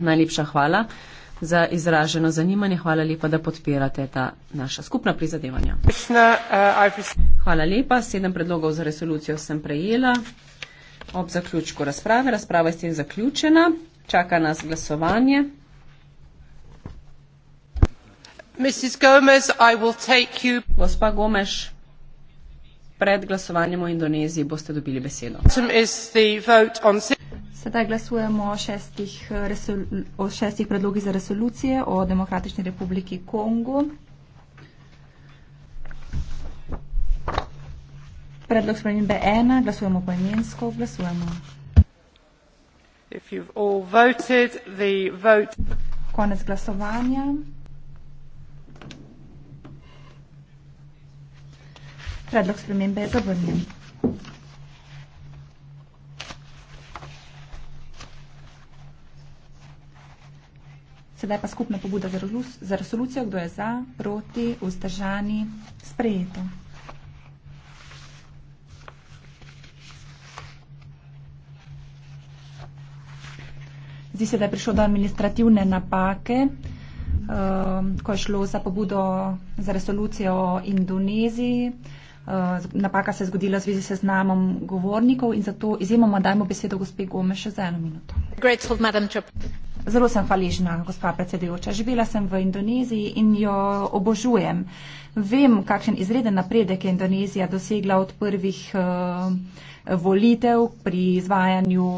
Najlepša hvala za izraženo zanimanje, hvala lepa, da podpirate ta naša skupna prizadevanja. Hvala lepa, sedem predlogov za resolucijo sem prejela ob zaključku razprave. Razprava je s tem zaključena, čaka nas glasovanje. Gomez, Gospa Gomes, pred glasovanjem o Indoneziji boste dobili besedo. Sedaj glasujemo o šestih, eh, o šestih predlogih za resolucije o Demokratični republiki Kongu. Predlog spremembe ena, glasujemo poimensko, glasujemo. Voted, vote... Konec glasovanja. Predlog spremembe je zavrnjen. Sedaj pa skupna pobuda za resolucijo, kdo je za, proti, vzdržani, sprejeto. Zdi se, da je prišlo do administrativne napake, um, ko je šlo za pobudo za resolucijo o Indoneziji. Uh, napaka se je zgodila v zvezi s znamom govornikov in zato izjemoma dajmo besedo gospe Gome še za eno minuto. Grateful, Zelo sem hvaležna, gospa predsedujoča. Živela sem v Indoneziji in jo obožujem. Vem, kakšen izreden napredek je Indonezija dosegla od prvih uh, volitev pri izvajanju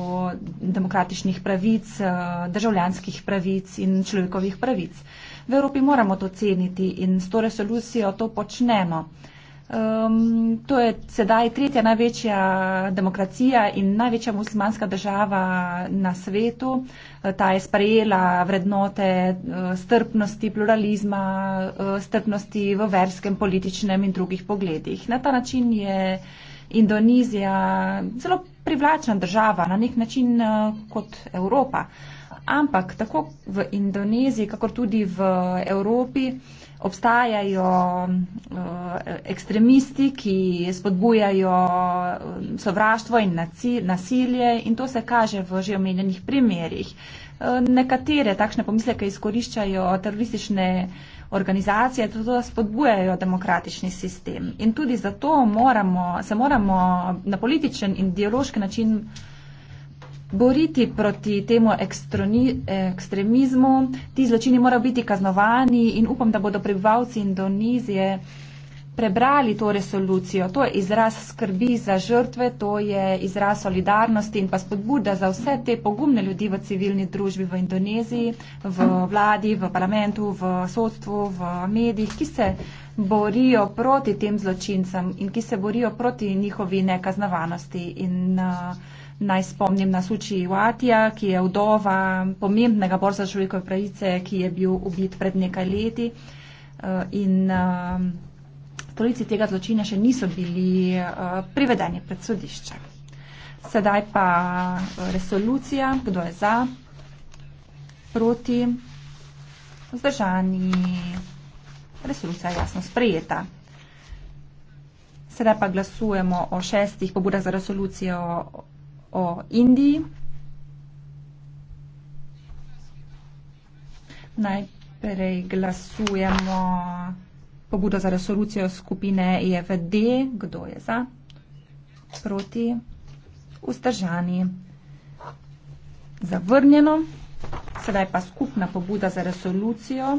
demokratičnih pravic, uh, državljanskih pravic in človekovih pravic. V Evropi moramo to ceniti in s to resolucijo to počnemo. Uh, Um, to je sedaj tretja največja demokracija in največja muslimanska država na svetu. Ta je sprejela vrednote uh, strpnosti, pluralizma, uh, strpnosti v verskem, političnem in drugih pogledih. Na ta način je Indonizija zelo privlačna država, na nek način eh, kot Evropa. Ampak tako v Indoneziji, kakor tudi v Evropi obstajajo eh, ekstremisti, ki spodbujajo eh, sovraštvo in nasilje in to se kaže v že omenjenih primerjih nekatere takšne pomisleke izkoriščajo teroristične organizacije, tudi da spodbujajo demokratični sistem. In tudi zato moramo, se moramo na političen in ideološki način boriti proti temu ekstroni, ekstremizmu. Ti zločini morajo biti kaznovani in upam, da bodo prebivalci Indonizije prebrali to resolucijo. To je izraz skrbi za žrtve, to je izraz solidarnosti in pa spodbuda za vse te pogumne ljudi v civilni družbi v Indoneziji, v vladi, v parlamentu, v sodstvu, v medijih, ki se borijo proti tem zločincem in ki se borijo proti njihovi nekaznovanosti. In uh, naj spomnim na Suči Watija, ki je vdova pomembnega borca človekove pravice, ki je bil ubit pred nekaj leti. Uh, in, uh, storilci tega zločina še niso bili eh, privedeni pred sodišče. Sedaj pa eh, resolucija, kdo je za, proti, vzdržani, resolucija je jasno sprejeta. Sedaj pa glasujemo o šestih pobudah za resolucijo o Indiji. Najprej glasujemo pobudo za resolucijo skupine EFD. Kdo je za? Proti? Vzdržani? Zavrnjeno. Sedaj pa skupna pobuda za resolucijo.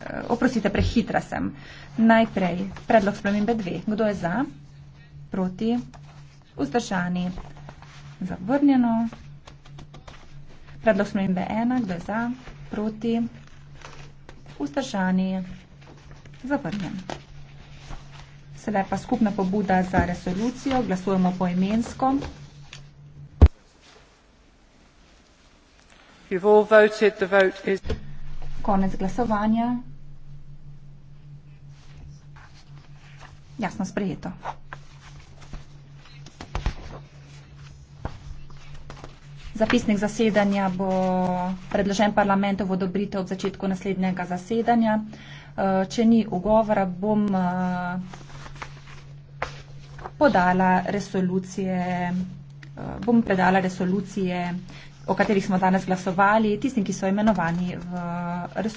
Eh, oprostite, prehitra sem. Najprej predlog spremembe dve. Kdo je za? Proti? Vzdržani? Zavrnjeno? Zavrnjeno? Predlog smembe ena, kdo je za, proti, vzdržani, zavrnjen. Sedaj pa skupna pobuda za resolucijo, glasujemo po imensko. Konec glasovanja. Jasno sprejeto. Zapisnik zasedanja bo predložen parlamentu v odobritev ob začetku naslednjega zasedanja. Eh, če ni ugovora, bom eh, podala resolucije, eh, bom predala resolucije, o katerih smo danes glasovali, tistim, ki so imenovani v resolucijo.